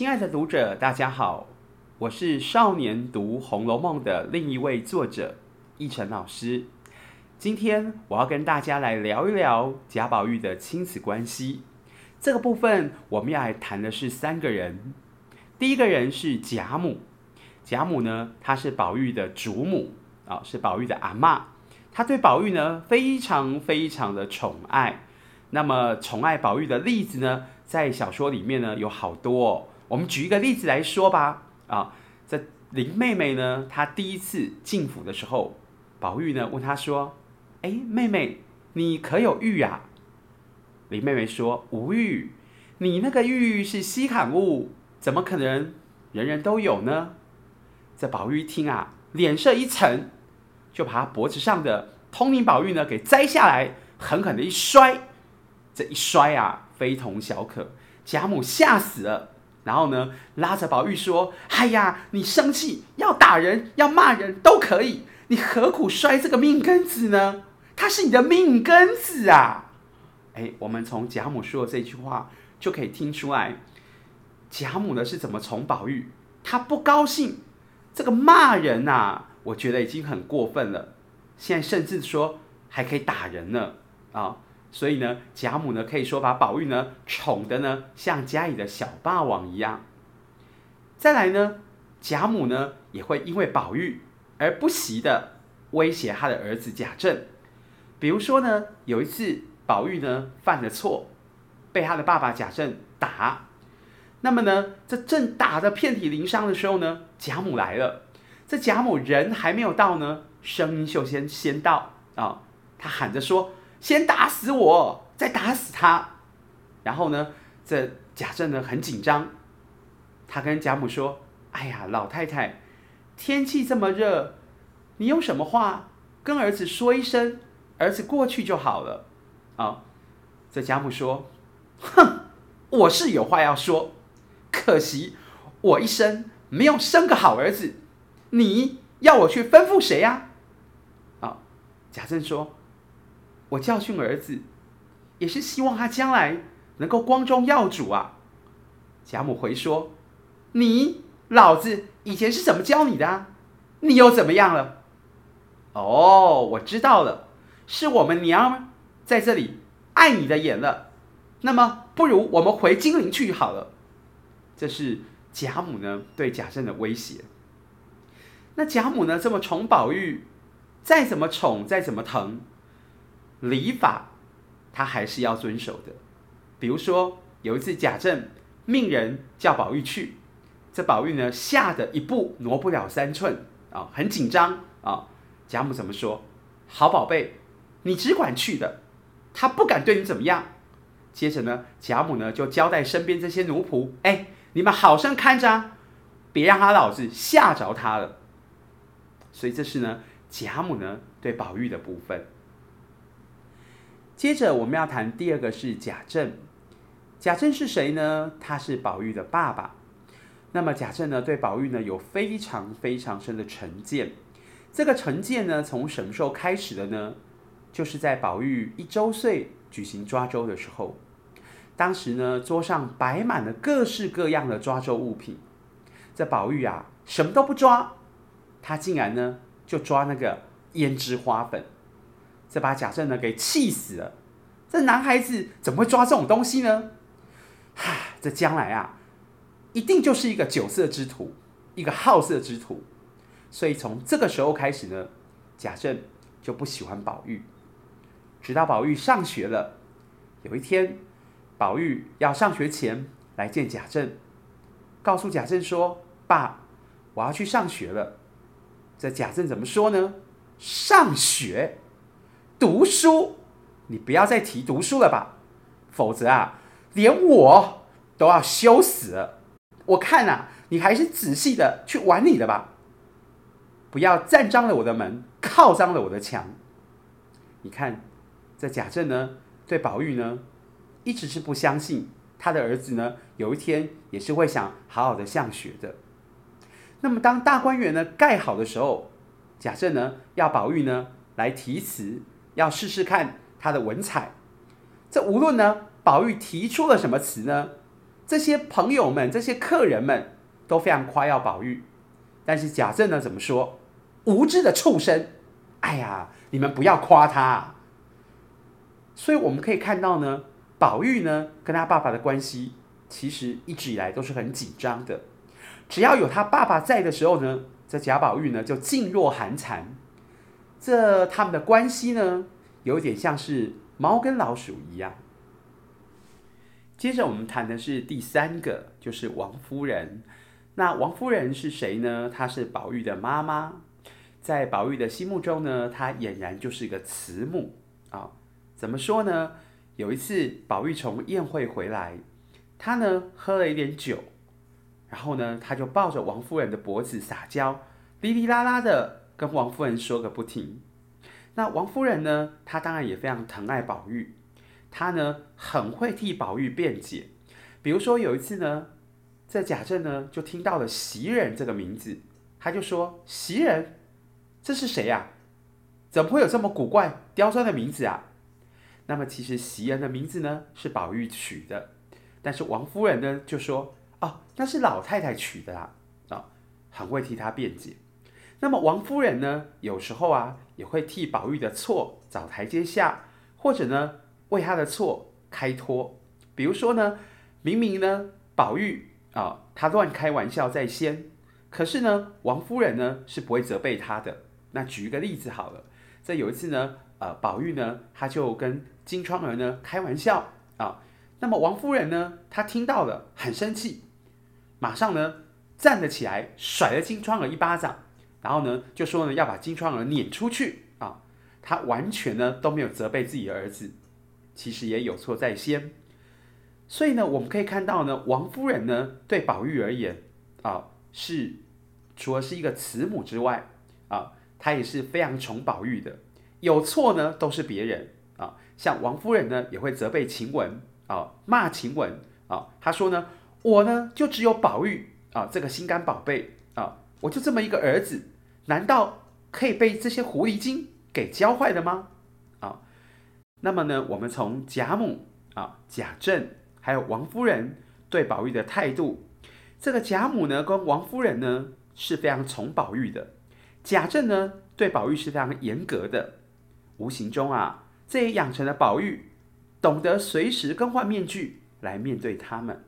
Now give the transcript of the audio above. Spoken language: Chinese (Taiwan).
親愛的讀者，大家好，我是少年讀《紅樓夢》的另一位作者奕成老師。今天我要跟大家來聊一聊賈寶玉的親子關係。這個部分我們要來談的是三個人。第一個人是賈母，賈母呢，她是寶玉的祖母啊、哦，是寶玉的阿嬤。她對寶玉呢，非常非常的寵愛。那麼寵愛寶玉的例子呢，在小說裡面呢，有好多、哦。我們舉一個例子來說吧，啊，這林妹妹呢，她第一次進府的時候，寶玉呢問她說：“哎，妹妹，你可有玉啊？”林妹妹說：“無玉，你那個玉是稀罕物，怎麼可能人人都有呢？”這寶玉一聽啊，臉色一沉，就把脖子上的通靈寶玉呢給摘下來，狠狠的一摔。這一摔啊，非同小可，賈母嚇死了。然後呢，拉着寶玉說：“哎呀，你生氣要打人要罵人都可以，你何苦摔這個命根子呢？它是你的命根子啊！”哎，我們從賈母說的這句話就可以聽出來，賈母呢是怎麼寵寶玉。他不高興，這個罵人吶、啊，我覺得已經很過分了。現在甚至說還可以打人呢。啊！所以呢，賈母呢可以說把寶玉呢寵得呢像家裡的小霸王一樣。再來呢，賈母呢也會因為寶玉而不惜的威脅他的兒子賈政。比如說呢，有一次寶玉呢犯了錯，被他的爸爸賈政打。那麼呢，這正打得遍體鱗傷的時候呢，賈母來了。這賈母人還沒有到呢，聲音就先先到啊，她、哦、喊着說。先打死我，再打死他，然後呢，這賈政呢很緊張，他跟賈母說：“哎呀，老太太，天氣這麼熱，你有什麼話跟兒子說一聲，兒子過去就好了。”哦啊，這賈母說：“哼，我是有話要說，可惜我一生沒有生個好兒子，你要我去吩咐誰呀？”啊、啊、哦，賈政說。我教訓兒子，也是希望他將來能夠光宗耀祖啊。賈母回說：“你老子以前是怎麼教你的啊？你又怎麼樣了？”哦，我知道了，是我們娘在這裡礙你的眼了。那麼，不如我們回金陵去好了。這是賈母呢對賈政的威脅。那賈母呢這麼寵寶玉，再怎麼寵，再怎麼疼。禮法，他還是要遵守的。比如說，有一次賈政命人叫寶玉去，這寶玉呢嚇得一步挪不了三寸啊、哦，很緊張啊、哦。賈母怎麼說？好寶貝，你只管去的，他不敢對你怎麼樣。接着呢，賈母呢就交代身邊這些奴僕，哎，你們好生看着，啊，別讓他老子嚇着他了。所以這是呢，賈母呢對寶玉的部分。接着我們要談第二個是賈政，賈政是誰呢？他是寶玉的爸爸。那麼賈政呢，對寶玉呢有非常非常深的成見。這個成見呢，從什麼時候開始的呢？就是在寶玉一周歲舉行抓周的時候。當時呢，桌上擺滿了各式各樣的抓周物品。這寶玉啊什麼都不抓，他竟然呢就抓那個胭脂花粉。這把賈政呢給氣死了，這男孩子怎麼會抓這種東西呢？哈，這將來啊，一定就是一個酒色之徒，一個好色之徒。所以從這個時候開始呢，賈政就不喜歡寶玉。直到寶玉上學了，有一天，寶玉要上學前來見賈政，告訴賈政說：“爸，我要去上學了。”這賈政怎麼說呢？上學。讀書，你不要再提讀書了吧，否則啊，連我都要羞死了。我看吶、啊，你還是仔細的去玩你的吧，不要沾髒了我的門，靠髒了我的牆。你看，這賈政呢，對寶玉呢，一直是不相信他的兒子呢，有一天也是會想好好的上學的。那麼，當大觀園呢蓋好的時候，賈政呢要寶玉呢來題詞。要試試看他的文采。這無論呢，寶玉提出了什麼詞呢？這些朋友們、這些客人們都非常誇耀寶玉，但是賈政呢怎麼說？無知的畜生！哎呀，你們不要誇他啊。所以我們可以看到呢，寶玉呢跟他爸爸的關係其實一直以來都是很緊張的。只要有他爸爸在的時候呢，這賈寶玉呢就噤若寒蟬。這他們的關係呢，有點像是貓跟老鼠一樣。接着我們談的是第三個，就是王夫人。那王夫人是誰呢？她是寶玉的媽媽，在寶玉的心目中呢，她儼然就是一個慈母啊。哦，怎麼說呢？有一次寶玉從宴會回來，他呢喝了一點酒，然後呢他就抱着王夫人的脖子撒嬌，哩哩啦啦的，跟王夫人說個不停，那王夫人呢，她當然也非常疼愛寶玉，她呢很會替寶玉辯解。比如說有一次呢，在賈政呢就聽到了襲人這個名字，他就說：“襲人，這是誰呀、啊？怎麼會有這麼古怪刁鑽的名字啊？”那麼其實襲人的名字呢是寶玉取的，但是王夫人呢就說：“哦，那是老太太取的啊，啊、哦，很會替他辯解。”那麼王夫人呢，有時候啊也會替寶玉的錯找台階下，或者呢為他的錯開脫。比如說呢，明明呢寶玉啊他、呃、亂開玩笑在先，可是呢王夫人呢是不會責備他的。那舉一個例子好了，在有一次呢，呃寶玉呢他就跟金釧兒呢開玩笑啊、呃，那麼王夫人呢她聽到了很生氣，馬上呢站了起來，甩了金釧兒一巴掌。然後呢，就說呢要把金釧兒攆出去啊！他完全呢都沒有責備自己的兒子，其實也有錯在先。所以呢，我們可以看到呢，王夫人呢對寶玉而言啊，是除了是一個慈母之外啊，她也是非常寵寶玉的。有錯呢都是別人啊，像王夫人呢也會責備晴雯啊，罵晴雯啊。她說呢，我呢就只有寶玉啊這個心肝寶貝啊。我就這麼一個兒子，難道可以被這些狐狸精給教壞了嗎？啊、哦，那麼呢，我們從賈母啊、賈、哦、政還有王夫人對寶玉的態度，這個賈母呢跟王夫人呢是非常寵寶玉的，賈政呢對寶玉是非常嚴格的，無形中啊，這也養成了寶玉懂得隨時更換面具來面對他們。